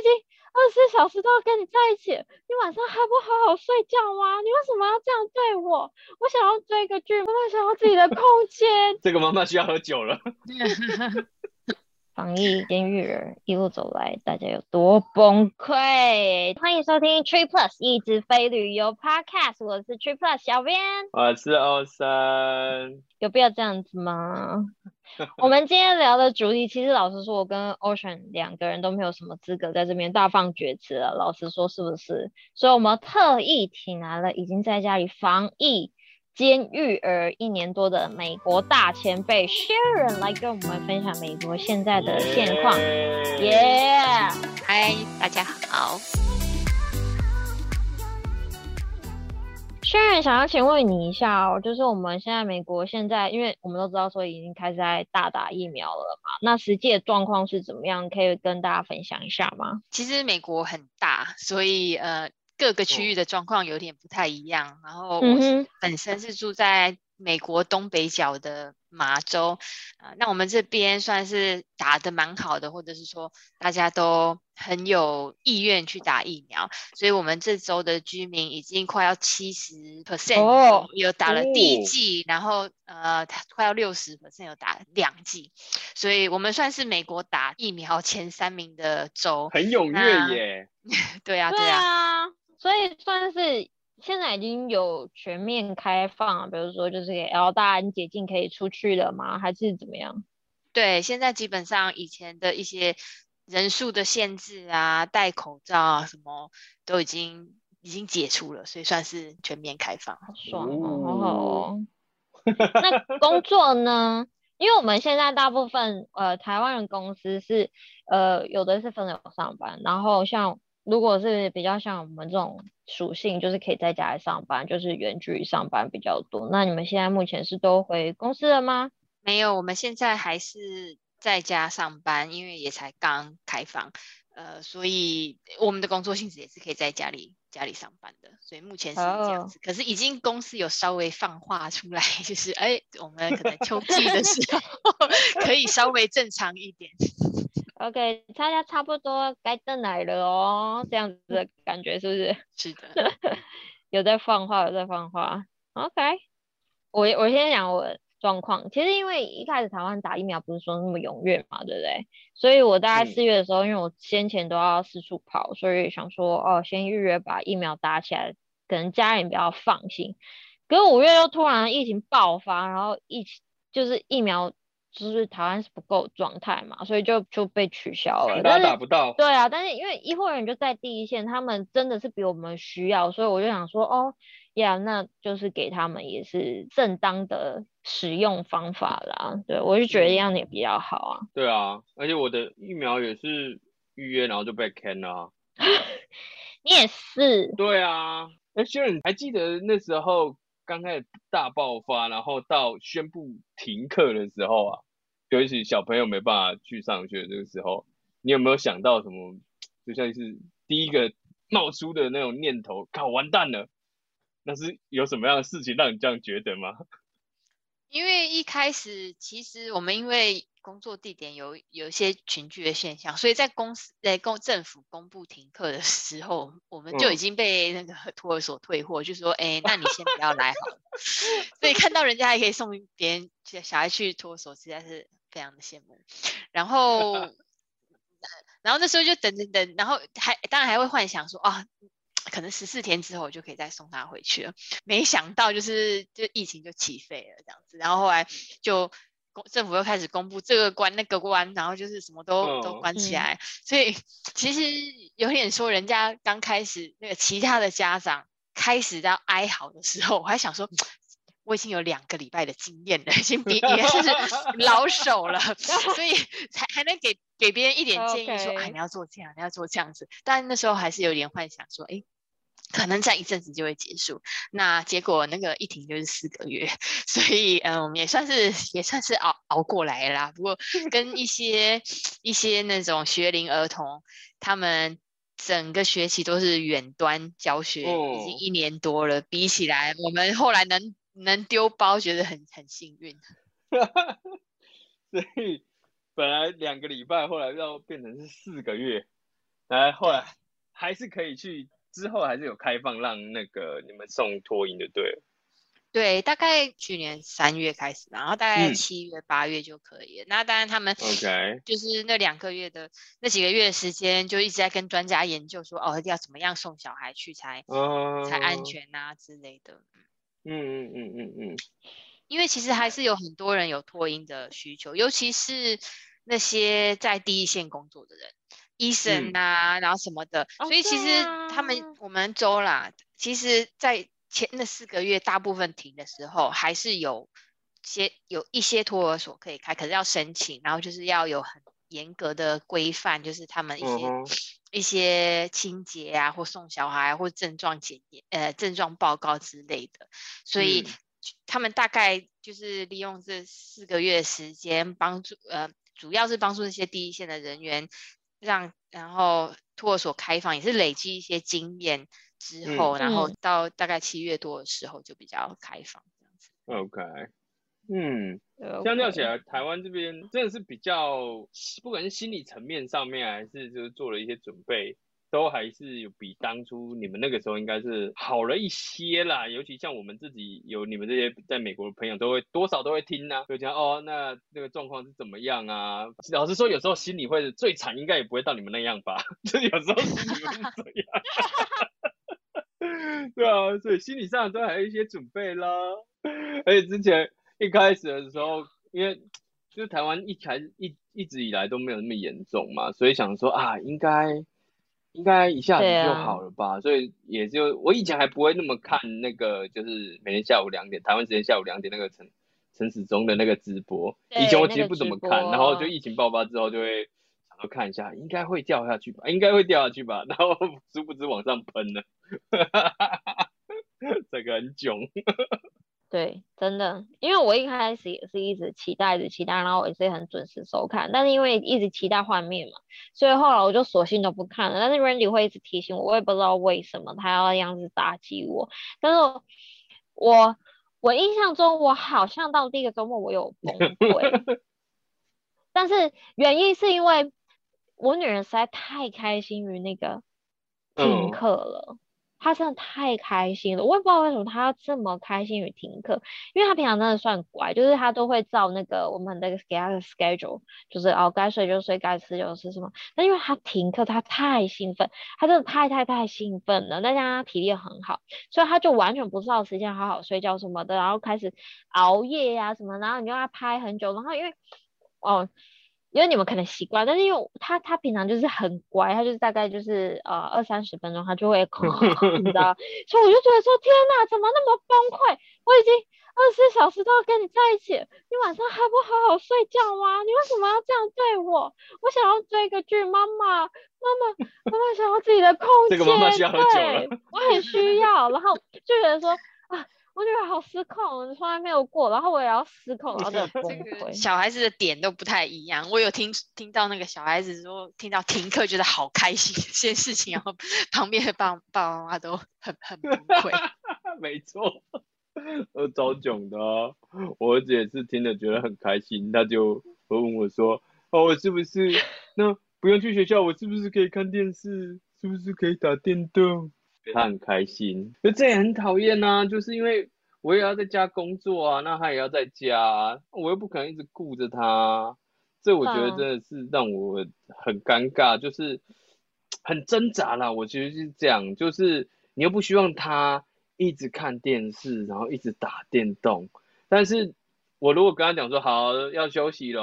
二十四小時都要跟你在一起，你晚上還不好好睡覺嗎？你為什麼要這樣對我？我想要追一個劇，媽媽想要自己的空間。 這個媽媽需要喝酒了。 防疫跟育兒一路走來，大家有多崩潰？ 歡迎收聽 Trip Plus 一直飛旅遊 Podcast，我是 Trip Plus 小編，我是歐森。有必要這樣子嗎？ 我們今天聊的主題，其實老實說，我跟 Ocean 兩個人都沒有什麼資格在這邊大放厥詞了，老實說，是不是？所以，我們特意請來了已經在家裡防疫兼育兒一年多的美國大前輩 Sharon 來跟我們分享美國現在的現況。Yeah，嗨，yeah. 大家好。Sharon 想要請問你一下哦，就是我們現在美國現在，因為我們都知道說已經開始在大打疫苗了嘛，那實際的狀況是怎麼樣？可以跟大家分享一下嗎？其實美國很大，所以呃各個區域的狀況有點不太一樣。然後我本身是住在美國東北角的。麻州啊、呃，那我們這邊算是打得蠻好的，或者是說大家都很有意願去打疫苗，所以我們這州的居民已經快要七十 percent 有打了第一劑，oh, oh. 然後呃，快要六十 percent 有打兩劑，所以我們算是美國打疫苗前三名的州，很踴躍耶那 對啊，對啊，對啊，所以算是。現在已經有全面開放，比如說就是給 L 大安解禁，可以出去了嗎？還是怎麼樣？對，現在基本上以前的一些人數的限制啊、戴口罩啊、什麼都已經已經解除了，所以算是全面開放。好爽哦、喔，好好、喔哦、那工作呢？ 因為我們現在大部分呃台灣人公司是呃有的是分流上班，然後像。如果是比較像我們這種屬性，就是可以在家裡上班，就是遠距離上班比較多。那你們現在目前是都回公司了嗎？沒有，我們現在還是在家上班，因為也才剛開放，呃，所以我們的工作性質也是可以在家裡家裡上班的，所以目前是這樣子。Oh. 可是已經公司有稍微放話出來，就是哎、欸，我們可能秋季的時候 可以稍微正常一點。 OK，大家差不多該登來了哦，這樣子的感覺是不是？是的、嗯， 有在放話，有在放話。OK，我我先講我狀況。其實因為一開始台灣打疫苗不是說那麼踴躍嘛，對不對？所以我大概四月的時候，嗯、因為我先前都要四處跑，所以想說哦，先預約把疫苗打起來，可能家人比較放心。可是五月又突然疫情爆發，然後疫就是疫苗。就是台灣是不夠狀態嘛，所以就就被取消了。打不到是，對啊，但是因為醫護人員就在第一線，他們真的是比我們需要，所以我就想說，哦，呀，那就是給他們也是正當的使用方法啦。對，我就覺得這樣也比較好啊。對啊，而且我的疫苗也是預約，然後就被坑了。 你也是。對啊，哎、欸，Sharon，你還記得那時候？剛開始大爆發，然後到宣布停課的時候啊，就是小朋友沒辦法去上學。這個時候，你有沒有想到什麼？就像是第一個冒出的那種念頭，靠，完蛋了！那是有什麼樣的事情讓你這樣覺得嗎？因為一開始，其實我們因為。工作地點有有一些群聚的現象，所以在公司、在公政府公布停課的時候，我們就已經被那個托兒所退貨，嗯、就說：“哎、欸，那你先不要來好了。” 所以看到人家還可以送別人小孩去托兒所，實在是非常的羨慕。然後， 然後那時候就等等等，然後還當然還會幻想說：“啊、哦，可能十四天之後我就可以再送他回去了。”沒想到就是就疫情就起飛了這樣子，然後後來就。政府又開始公布這個關那個關，然後就是什麼都、oh, 都關起來，嗯、所以其實有點說，人家剛開始那個其他的家長開始在哀嚎的時候，我還想說，我已經有兩個禮拜的經驗了，已經也是老手了， 所以還還能給給別人一點建議說，說啊你要做這樣，你要做這樣子。但那時候還是有點幻想說，哎、欸。可能再一陣子就會結束，那結果那個一停就是四個月，所以嗯，我們也算是也算是熬熬過來了啦。不過跟一些 一些那種學齡兒童，他們整個學期都是遠端教學，哦、已經一年多了，比起來我們後來能能丟包，覺得很很幸運。 所以本來兩個禮拜，後來要變成是四個月，來後來還是可以去。之後還是有開放讓那個你們送托嬰的對對，大概去年三月開始，然後大概七月八月就可以。嗯、那當然他們，OK，就是那兩個月的那幾個月的時間，就一直在跟專家研究說，哦，要怎麼樣送小孩去才、oh, 才安全啊之類的。嗯嗯嗯嗯嗯，嗯嗯嗯因為其實還是有很多人有托嬰的需求，尤其是那些在第一線工作的人。醫生啊，嗯、然後什麼的，oh, 所以其實他們、啊、我們州啦，其實，在前那四個月大部分停的時候，還是有些有一些托兒所可以開，可是要申請，然後就是要有很嚴格的規範，就是他們一些、oh. 一些清潔啊，或送小孩或症狀檢驗呃症狀報告之類的，所以、嗯、他們大概就是利用這四個月時間幫助呃主要是幫助那些第一線的人員。讓然後托兒所開放也是累積一些經驗之後，嗯、然後到大概七月多的時候就比較開放、嗯、這樣子。OK，嗯，相較 Okay. 起來，台灣這邊真的是比較，不管是心理層面上面還是就是做了一些準備。都還是有比當初你們那個時候應該是好了一些啦，尤其像我們自己有你們這些在美國的朋友，都會多少都會聽啊，就講哦，那那個狀況是怎麼樣啊？老實說，有時候心裡會是最慘，應該也不會到你們那樣吧？就是有時候心裡會是怎樣， 對啊，所以心理上都還有一些準備啦。而且之前一開始的時候，因為就是台灣一開一一直以來都沒有那麼嚴重嘛，所以想說啊，應該。應該一下子就好了吧，啊、所以也就我以前還不會那麼看那個，就是每天下午兩點，台灣時間下午兩點那個陳陳時中的那個直播，對以前我其實不怎麼看，然後就疫情爆發之後就會想要看一下，應該會掉下去吧，應該會掉下去吧，然後殊不知往上噴了，這 個很囧。 對，真的，因為我一開始也是一直期待着期待，然後我也是很準時收看，但是因為一直期待畫面嘛，所以後來我就索性都不看了。但是 Randy 會一直提醒我，我也不知道為什麼他要這樣子打擊我。但是我，我我印象中我好像到第一個周末我有崩潰， 但是原因是因為我女兒實在太開心於那個停課了。他真的太開心了，我也不知道為什麼他這麼開心與停課，因為他平常真的算乖，就是他都會照那個我們那個給他的 schedule，就是哦該睡就睡，該吃就吃什麼。但因為他停課，他太興奮，他真的太太太興奮了，再加上他體力很好，所以他就完全不知道時間好好睡覺什麼的，然後開始熬夜呀、啊、什麼，然後你讓他拍很久，然後因為哦。因為你們可能習慣，但是因為他他平常就是很乖，他就是大概就是呃二三十分鐘他就會哭，你知道， 所以我就覺得說天哪，怎麼那麼崩潰？我已經二十四小時都要跟你在一起，你晚上還不好好睡覺嗎？你為什麼要這樣對我？我想要追一個劇，媽媽，媽媽，媽媽想要自己的空間，對，我很需要，然後就覺得說啊。我覺得好失控，我從來沒有過，然後我也要失控，然後就很崩潰。小孩子的點都不太一樣。我有聽聽到那個小孩子說，聽到停課覺得好開心這些事情，然後旁邊的爸爸爸媽媽都很很崩潰。 沒錯，我超囧的、啊。我兒子也是聽了覺得很開心，他就問我說：“哦，我是不是那不用去學校？我是不是可以看電視？是不是可以打電動？”他很開心，就這也很討厭吶、啊，就是因為我也要在家工作啊，那他也要在家啊，我又不可能一直顧着他，這我覺得真的是讓我很尷尬，就是很掙扎啦。我其實是這樣，就是你又不希望他一直看電視，然後一直打電動，但是我如果跟他講說好，要休息嘍，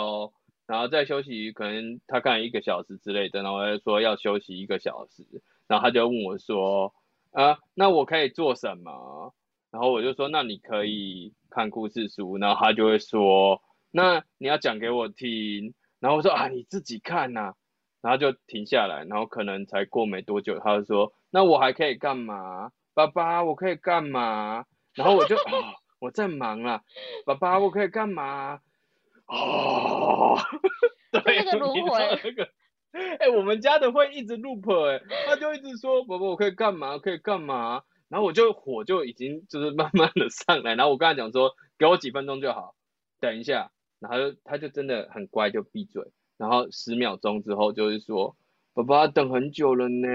然後再休息，可能他看了一個小時之類的，然後我就說要休息一個小時，然後他就問我說。啊、呃，那我可以做什麼？然後我就說，那你可以看故事書。然後他就會說，那你要講給我聽。然後我說啊，你自己看吶、啊。然後就停下來。然後可能才過沒多久，他就說，那我還可以幹嘛，爸爸？我可以幹嘛？然後我就，啊、 嗯，我在忙啦，爸爸，我可以幹嘛？哦， 對那個如哎、欸，我們家的會一直 loop 哎、欸，他就一直說寶寶 我可以幹嘛可以幹嘛，然後我就火就已經就是慢慢的上來，然後我跟他講說給我幾分鐘就好，等一下，然後他就，他就真的很乖就閉嘴，然後十秒鐘之後就是說寶寶等很久了呢，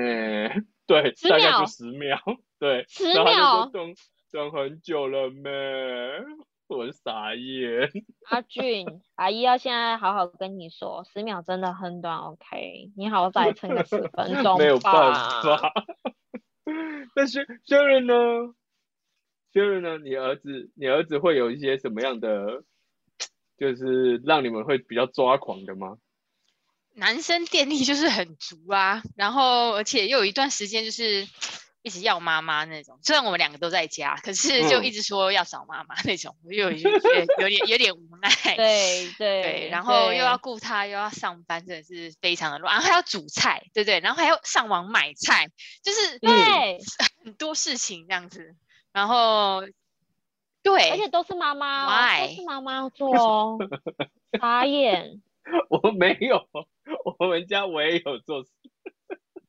對，十秒。大概就十秒，對，十秒，然後他就說等等很久了咩？我傻眼。阿俊， 阿姨要現在好好跟你說， 十秒真的很短，OK？你好歹撐個十分鐘吧 沒有辦法。 但是 Sharon 呢？Sharon 呢？你兒子，你兒子會有一些什麼樣的，就是讓你們會比較抓狂的嗎？男生電力就是很足啊，然後而且又有一段時間就是。一直要媽媽那種，雖然我們兩個都在家，可是就一直說要找媽媽那種，嗯、我又有點有點 有點無奈。對對對，然後又要顧他，對又要上班，真的是非常的亂，然後還要煮菜，對不對，對？然後還要上網買菜，就是對很多事情這樣子。然後對，而且都是媽媽，愛都是媽媽做哦。傻眼， 我沒有，我們家我也有做事。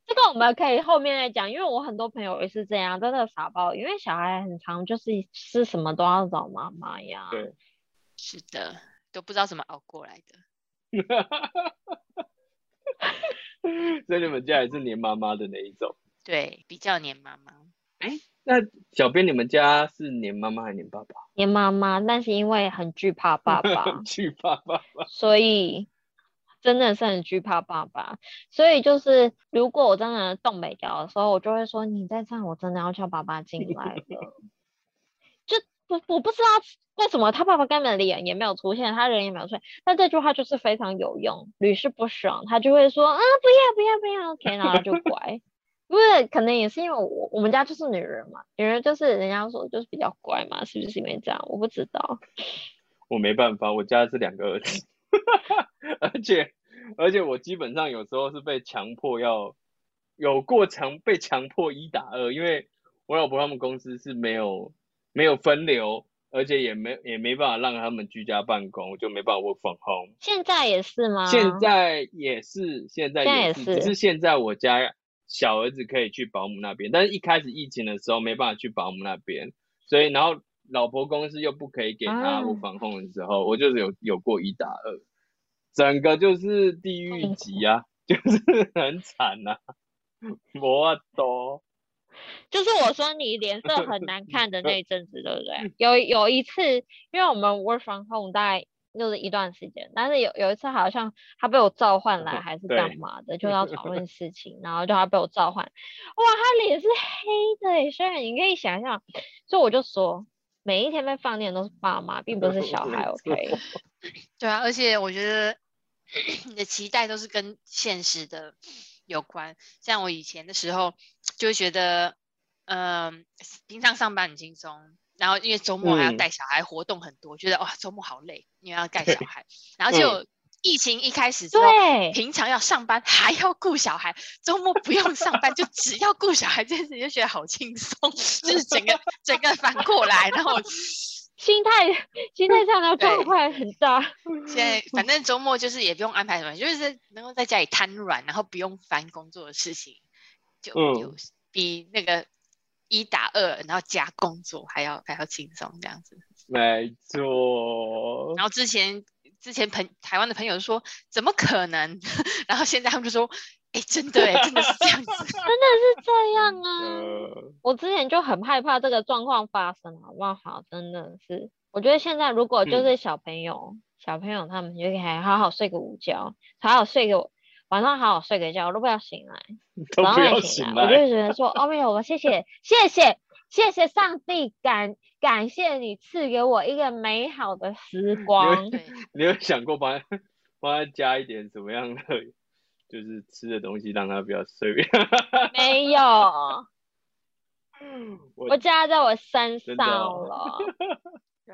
這個我們可以後面再講，因為我很多朋友也是這樣，真的傻包，因為小孩很常就是吃什麼都要找媽媽呀。對。是的，都不知道怎麼熬過來的。哈哈哈！哈，哈，哈。所以你們家也是黏媽媽的那一種？對，比較黏媽媽。哎、欸，那小編，你們家是黏媽媽還是黏爸爸？黏媽媽，但是因為很懼怕爸爸，懼 怕爸爸，所以。真的是很懼怕爸爸，所以就是如果我真的動沒掉的時候，我就會說，你再這樣，我真的要叫爸爸進來了。就不我不知道為什麼他爸爸根本臉也沒有出現，他人也沒有出現，但這句話就是非常有用，屢試不爽。他就會說啊、嗯，不要不要不要，OK，那他就乖。因為 可能也是因為我我們家就是女人嘛，女人就是人家說就是比較乖嘛，是不是因為這樣？我不知道。我沒辦法，我家是兩個兒子。 而且，而且我基本上有時候是被強迫要有過強被強迫一打二，因為我老婆他們公司是沒有沒有分流，而且也沒也沒辦法讓他們居家辦公，就沒辦法 work from home。現在也是嗎？現在也是，現在也是，也是只是現在我家小兒子可以去保姆那邊，但是一開始疫情的時候沒辦法去保姆那邊，所以然後。老婆公司又不可以給他 work from home 的時候，啊、我就是有有過一打二，整個就是地獄級啊，嗯、哼就是很慘吶、啊，我多 。就是我說你臉色很難看的那一陣子， 對不對？有有一次，因為我們 work from home 大概就是一段時間，但是有有一次好像他被我召喚來還是幹嘛的，對就要討論事情， 然後就要被我召喚。哇，他臉是黑的誒，雖然你可以想象，所以我就說。每一天被放電都是爸媽，並不是小孩。嗯、OK，對啊，而且我覺得你的期待都是跟現實的有關。像我以前的時候，就會覺得，嗯，平常上班很輕鬆，然後因為週末還要帶小孩，活動很多，嗯、覺得哇，哦、週末好累，因為要帶小孩，嘿然後就。嗯疫情一開始之後，對平常要上班還要顧小孩，周末不用上班就只要顧小孩， 這樣子就覺得好輕鬆，就是整個整個翻過來，然後 心態心態上的變化很大。現在反正周末就是也不用安排什麼，就是能夠在家裡癱軟，然後不用煩工作的事情，就比那個一打二然後加工作還要還要輕鬆這樣子。沒錯。然後之前。之前朋台灣的朋友說怎麼可能， 然後現在他們就說，哎、欸、真的真的是這樣， 真的是這樣啊！我之前就很害怕這個狀況發生啊，哇好，真的是，我覺得現在如果就是小朋友、嗯、小朋友他們就可以還好好睡個午覺，好好睡個晚上好好睡個覺，我都不要醒來，都不要醒來，我就只能說 哦沒有了，謝謝謝謝。謝謝上帝，感感謝你賜給我一個美好的時光。你有，對你有想過幫幫他，他加一點什麼樣的，就是吃的東西，讓他比較睡？沒有， 我我加在我身上了的、哦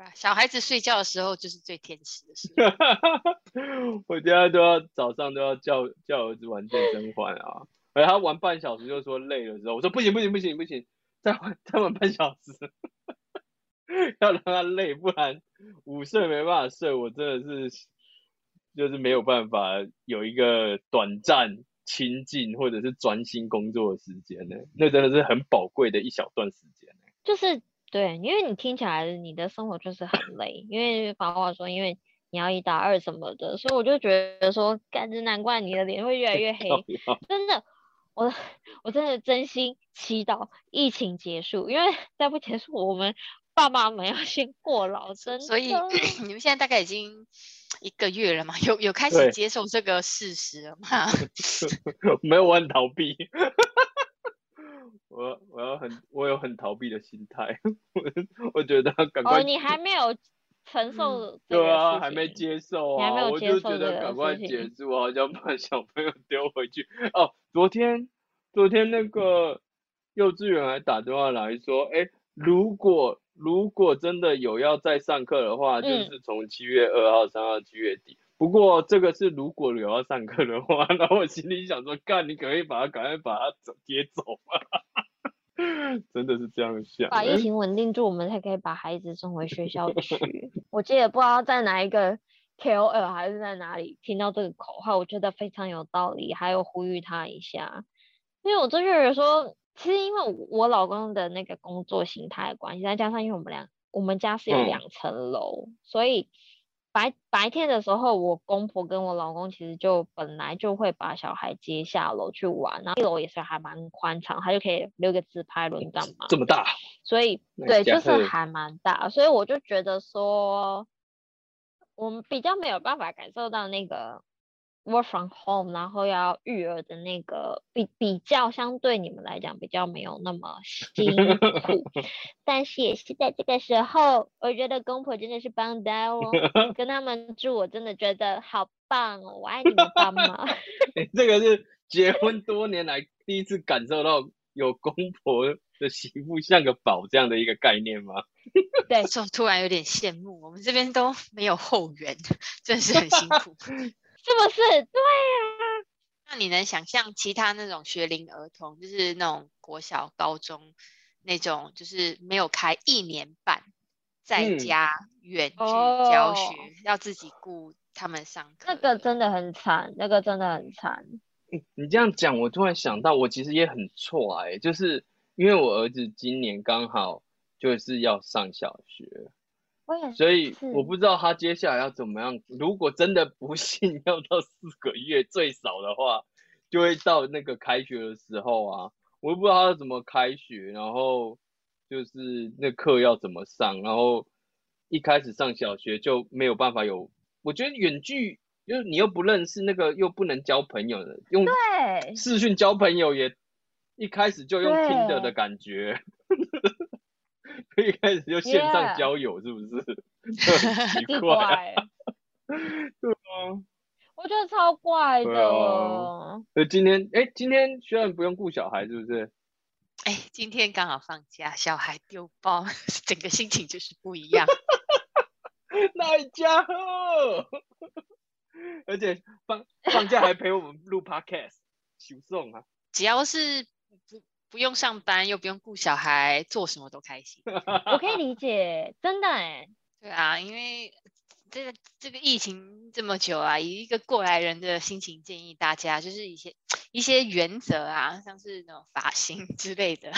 啊。小孩子睡覺的時候就是最天使的時候。 我家都要早上都要叫叫兒子玩健身環啊， 而他玩半小時就說累了，之後我說不行不行不行不行。不行不行再玩再玩半小時呵呵，要讓他累，不然午睡沒辦法睡。我真的是就是沒有辦法有一個短暫清靜或者是專心工作的時間呢、欸，那真的是很寶貴的一小段時間呢、欸。就是對，因為你聽起來你的生活就是很累， 因為把話說，因為你要一打二什麼的，所以我就覺得說，幹，這難怪你的臉會越來越黑， 真的。我我真的真心祈禱疫情結束，因為再不結束，我們爸媽們要先過勞。真的，所以你們現在大概已經一個月了嘛，有有開始接受這個事實了嗎？對 沒有，我很逃避。 我我要很，我有很逃避的心態。 我覺得趕快哦，你還沒有承受這個事情，嗯，對啊，還沒接受啊，我就覺得趕快結束啊，要把小朋友丟回去哦。 昨天，昨天那個幼稚園還打電話來說，哎、欸，如果如果真的有要再上課的話，嗯、就是從七月二號上到七月底。不過這個是如果有要上課的話，那我心裡想說，幹，你可以把它趕快把它接走啊！ 真的是這樣想，把疫情穩定住，我們才可以把孩子送回學校去。 我記得不知道在哪一個。KOL 還是在哪裡聽到這個口號，我覺得非常有道理，還有呼籲他一下，因為我這就覺得說，是因為我老公的那個工作形態關係，再加上因為我們倆，我們家是有兩層樓，嗯、所以白白天的時候，我公婆跟我老公其實就本來就會把小孩接下樓去玩，然後一樓也是還蠻寬敞，他就可以溜個直排輪幹嘛，這麼大，所以 Nice 對，庭就是還蠻大，所以我就覺得說。我們比較沒有辦法感受到那個 work from home，然後要育兒的那個比比較相對你們來講比較沒有那麼辛苦， 但是也是在這個時候，我覺得公婆真的是棒呆哦， 跟他們住我真的覺得好棒哦，我愛你們爸媽 欸。這個是結婚多年來第一次感受到有公婆。這媳婦像個寶這樣的一個概念嗎？ 對，就突然有點羨慕。我們這邊都沒有後援，真是很辛苦， 是不是？對啊。那你能想象其他那種學齡兒童，就是那種國小、高中那種，就是沒有開一年半，在家遠距教學，嗯哦、要自己顧他們上課？那個真的很慘，那個真的很慘。你、嗯、你這樣講，我突然想到，我其實也很挫哎，就是。因為我兒子今年剛好就是要上小學，我也是。所以我不知道他接下來要怎麼樣。如果真的不幸要到四個月最少的話，就會到那個開學的時候啊，我不知道他要怎麼開學，然後就是那課要怎麼上，然後一開始上小學就沒有辦法有，我覺得遠距就是你又不認識那個又不能交朋友的，用視訊交朋友也。一開始就用聽的的感覺，對 一開始就線上交友 Yeah. 是不是？ 很奇怪啊， 對啊，我覺得超怪的。對啊，所以今天哎，今天雖然不用顧小孩，是不是？哎，今天剛好放假，小孩丟包，整個心情就是不一樣。那 家伙， 而且放放假還陪我們錄 我們錄 podcast，求送啊！只要是。不不用上班，又不用顧小孩，做什麼都開心。 我可以理解，真的哎。對啊，因為。這個這個疫情這麼久啊，以一個過來人的心情建議大家，就是一些一些原則啊，像是那種髮型之類的，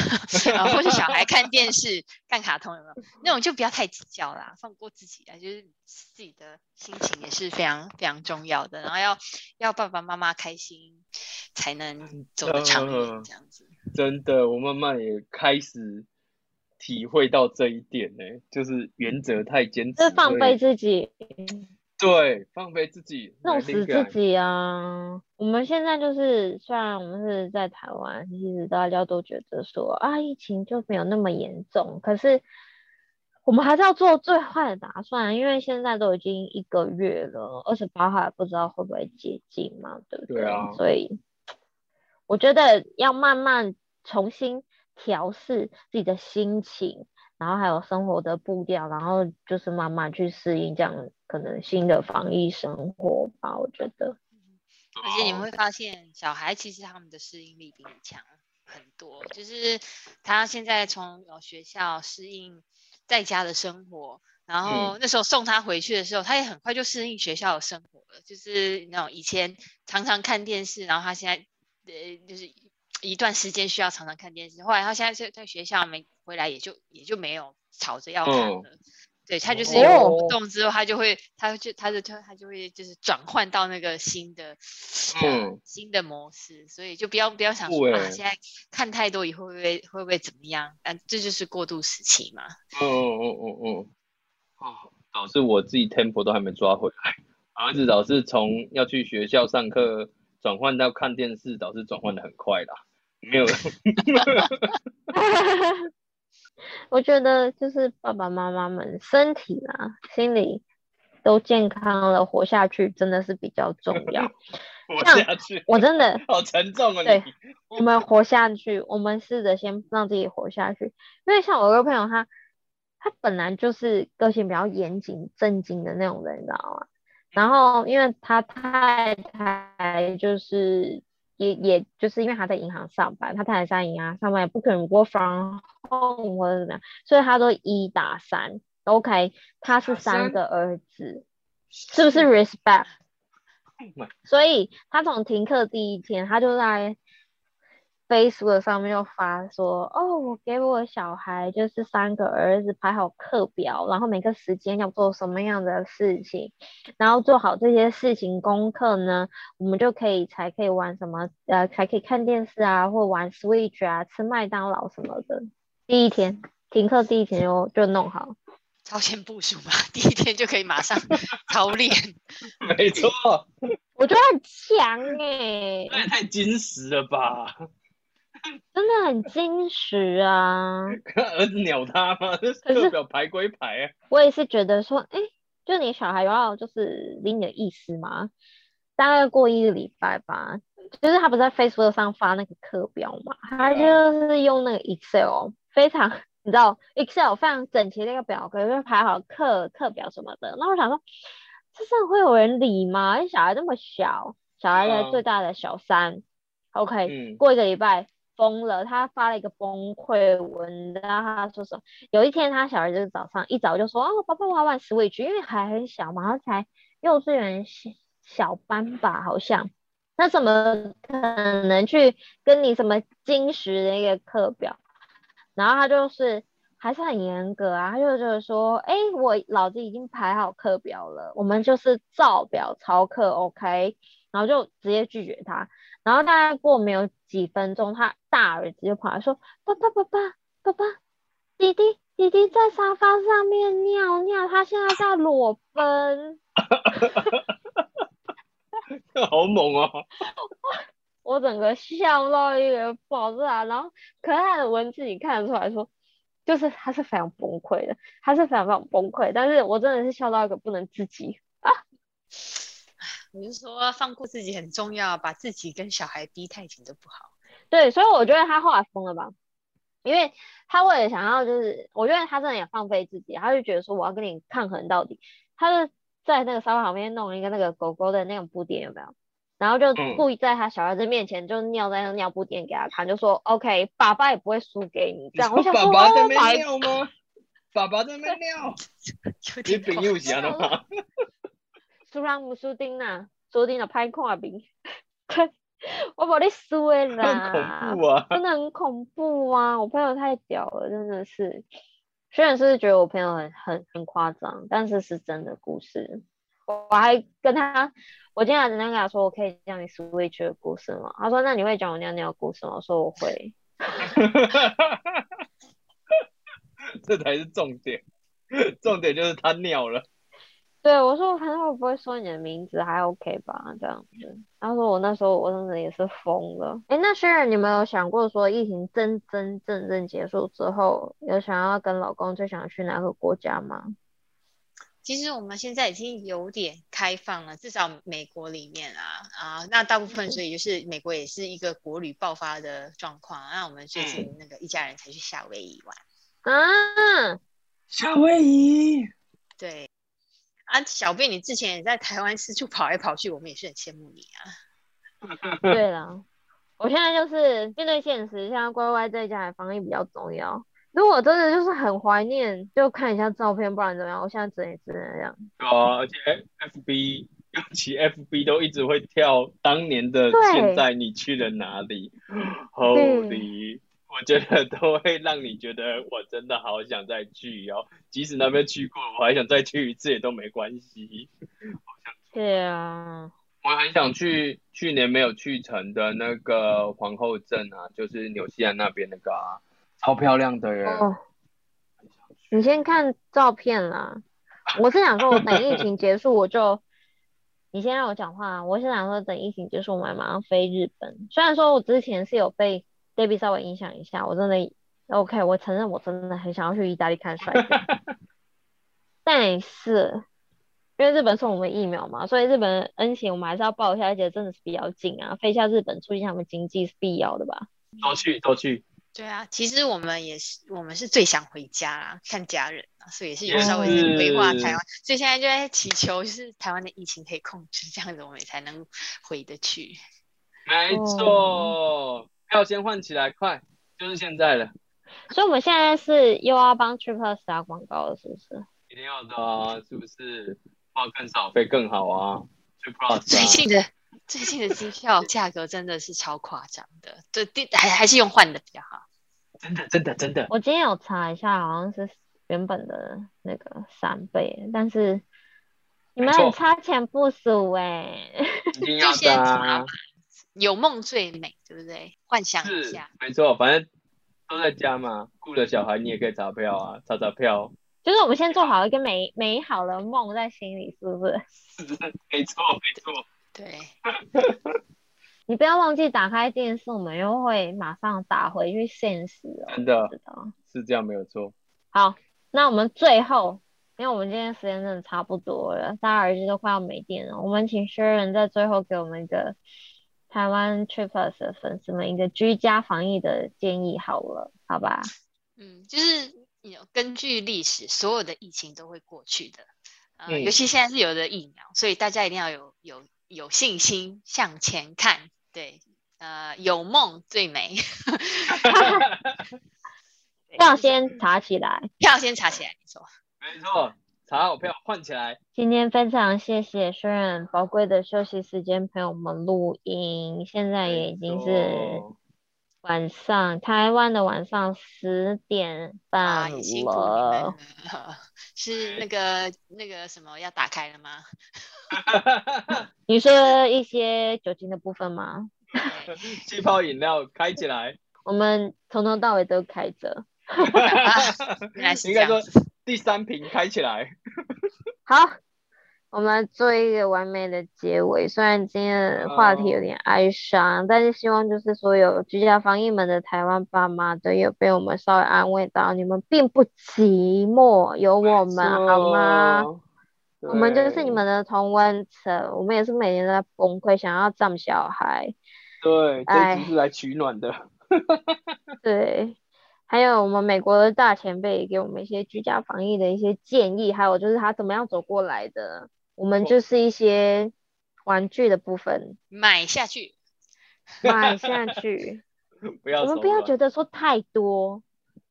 啊，或者是小孩看電視 看卡通有沒有？那種就不要太計較啦，放過自己啊，就是自己的心情也是非常非常重要的。然後要要爸爸媽媽開心，才能走得長遠這樣子，呃、真的，我媽媽也開始。體會到這一點呢、欸，就是原則太堅持，是放飛自己。對，放飛自己，弄死自己啊！我們現在就是，雖然我們是在台灣，其實大家都覺得說啊，疫情就沒有那麼嚴重，可是我們還是要做最壞的打算，因為現在都已經一個月了，二十八號還不知道會不會解禁嘛？對不對？對啊。所以我覺得要慢慢重新。調試自己的心情，然後還有生活的步調，然後就是慢慢去適應這樣可能新的防疫生活吧。我覺得，嗯、而且你們會發現，哦、小孩其實他們的適應力比你強很多。就是他現在從學校適應在家的生活，然後那時候送他回去的時候，嗯、他也很快就適應學校的生活了。就是那種以前常常看電視，然後他現在呃，就是。一段時間需要常常看電視，後來他現在在在學校沒回來，也就也就沒有吵着要看了。Oh. 對，他就是有活動之後，oh. 他就會他就他就他他就會就是轉換到那個新的、呃 hmm. 新的模式，所以就不要不要想說耶啊，現在看太多以後會不會會不會怎麼樣？但這就是過渡時期嘛。哦哦哦哦哦。哦，導致我自己 tempo 都還沒抓回來，至老是從要去學校上課轉換到看電視，倒是轉換的很快啦。沒有， 我覺得就是爸爸媽媽們身體啦、啊、心理都健康了，活下去真的是比較重要。活下去，我真的 好沉重啊！對，我們活下去，我們試着先讓自己活下去。因為像我一個朋友他，他他本來就是個性比較嚴謹、正經的那種人，你知道嗎？然後因為他太太就是。也也就是因為他在銀行上班，他太太在銀行上班，也不可能 work from home 或者怎麼樣，所以他都一打三。OK，他是三個兒子，三是不是 respect？、嗯、所以他從停課第一天，他就在。Facebook 上面又發說，哦，我給我小孩就是三個兒子排好課表，然後每個時間要做什麼樣的事情，然後做好這些事情功課呢，我們就可以才可以玩什麼呃，才可以看電視啊，或玩 Switch 啊，吃麥當勞什麼的。第一天停課第一天就就弄好，超前部署嘛，第一天就可以馬上操 練， 沒錯， 我覺得很強哎，那太精實了吧。真的很矜持啊！兒子鳥他嗎？課表排歸排啊！我也是覺得說，哎，就你小孩有要就是理你的意思嗎？大概過一個禮拜吧，就是他不是在 Facebook 上發那個課表嘛，他就是用那個 Excel，非常你知道 Excel 非常整齊的一個表格，就是排好課課表什麼的。那我想說，這上會有人理嗎？小孩這麼小，小孩才最大的小三，OK，過一個禮拜。瘋了，他發了一個崩潰文，然後他說什麼？有一天他小孩就是早上一早就說，啊、哦，爸爸我要玩 switch，因為還很小嘛，他才幼稚園小班吧，好像，那怎麼可能去跟你什麼精實的一個課表？然後他就是還是很嚴格啊，他就就是說，哎，我老子已經排好課表了，我們就是照表操課，OK。然後就直接拒絕他，然後大概過沒有幾分鐘，他大兒子就跑來說：“爸爸爸爸爸爸，弟弟弟弟在沙發上面尿尿，他現在在裸奔。”這好猛啊！ 我整個笑到一個爆炸，然後可愛的文字你看得出來說，就是他是非常崩潰的，他是非常非常崩潰，但是我真的是笑到一個不能自已。啊！ 你是說放過自己很重要，把自己跟小孩逼太緊都不好。對，所以我覺得他後來瘋了吧，因為他為了想要，就是我覺得他真的也放飛自己，他就覺得說我要跟你抗衡到底。他就在那個沙發旁邊弄了一個那個狗狗的那種布墊，有沒有？然後就故意在他小孩子面前就尿在那尿布墊給他看，他就說、嗯、OK，爸爸也不會輸給你。這樣，我想說，爸爸在沒尿嗎？ 爸爸在沒尿？ 你很幼稚啊，那輸人毋輸陣，輸陣就歹看面。 我把你輸誒啦！很恐怖啊！真的很恐怖啊！我朋友太屌了，真的是。雖然是，是覺得我朋友很很很誇張，但是是真的故事。我還跟他，我今天還在跟他說，我可以講你 switch 的故事嗎？他說：“那你會講我尿尿的故事嗎？”我說：“我會。” 這才是重點，重點就是他尿了。對，我說我反正我不會說你的名字，還 OK 吧？這樣子，然後說我那時候我真的也是瘋了。哎，那雖然你們有想過說疫情真真真正正結束之後，有想要跟老公最想去哪個國家嗎？其實我們現在已經有點開放了，至少美國裡面啊啊，那大部分所以就是美國也是一個國旅爆發的狀況。嗯。那我們最近那個一家人才去夏威夷玩。嗯。啊，夏威夷。對。啊，小貝，你之前也在台灣四處跑來跑去，我們也是很羨慕你啊。 對啦，我現在就是面對現實，像乖乖在家裡防疫比較重要。如果真的就是很懷念，就看一下照片，不然怎麼樣？我現在只能只能這樣。對啊，而且 FB，尤其 FB 都一直會跳當年的，現在你去了哪裡對？Holy。我覺得都會讓你覺得我真的好想再去哦，即使那邊去過，我還想再去一次也都沒關係。對啊，我很想去去年沒有去成的那個皇後鎮啊，就是紐西蘭那邊那個、啊、超漂亮的耶。Oh. 你先看照片啦。我是想說，我等疫情結束我就， 你先讓我講話、啊。我是想說，等疫情結束，我們馬上飛日本。雖然說我之前是有被。Baby，稍微影響一下，我真的 OK。我承認，我真的很想要去意大利看帥哥， 但是因為日本送我們疫苗嘛，所以日本恩情我們還是要報一下。而且真的是比較近啊，飛一下日本，促進他們經濟是必要的吧？都去，都去。對啊，其實我們也是，我們是最想回家看家人啊，所以也是有稍微有點美化台灣。子所以現在就在祈求，就是台灣的疫情可以控制，這樣子我們才能回得去。沒錯錯。Oh. 要先換起來，快！就是現在了。所以我們現在是又要幫 TripPlus 打廣告了，是不是？一定要的，是不是？花更少會更好啊。TripPlus 最近的最近的機票價格真的是超誇張的，對，還還是用換的比較好。真的，真的，真的。我今天有查一下，好像是原本的那個三倍，但是你們很超前部署、欸，哎，一定要的、啊。 有夢最美，對不對？幻想一下，是沒錯，反正都在家嘛，顧著小孩，你也可以找票啊，找找票。就是我們先做好一個美美好的夢在心裡，是不是？是，是，沒錯，沒錯。對。 你不要忘記打開電視，我們又會馬上打回去現實。真的，是這樣，沒有錯。好，那我們最後，因為我們今天時間真的差不多了，大家耳機都快要沒電了，我們請 Sharon 在最後給我們一個台灣 TripPlus 粉絲們一個居家防疫的建議，好了，好吧？嗯，就是有根據歷史，所有的疫情都會過去的。呃、對尤其現在是有的疫苗，所以大家一定要有有有信心向前看。對，呃，有夢最美。 票先查起來，票先查起來，沒錯，沒錯。好，我們要換起來。今天非常謝謝，Sharon 寶貴的休息時間陪我們錄音，現在也已經是晚上，台灣的晚上十點半了。啊，辛苦你們了。是那個那個什麼要打開了嗎？ 你說一些酒精的部分嗎？氣 泡飲料開起來。 我們從頭到尾都開着。 啊你來第三瓶開起來， 好，我們來做一個完美的結尾。雖然今天的話題有點哀傷，uh, 但是希望就是所有居家防疫門的台灣爸媽都有被我們稍微安慰到，你們並不寂寞，有我們錯好嗎？對我們就是你們的同溫層，我們也是每天都在崩潰，想要占小孩，對，哎唉，這一集是來取暖的。 對。還有我們美國的大前輩給我們一些居家防疫的一些建議還有就是他怎麼樣走過來的，我們就是一些玩具的部分，買下去，買下去， 我們不要覺得說太多，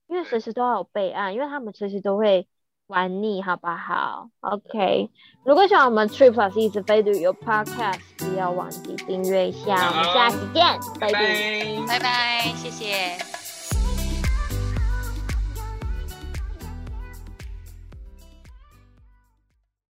因為隨時都要有備案，因為他們隨時都會玩膩，好不好？OK，如果喜歡我們 Trip Plus 一直飛的旅遊 Podcast，不要忘記訂閱一下，好我們下期見，拜拜，拜拜，謝謝。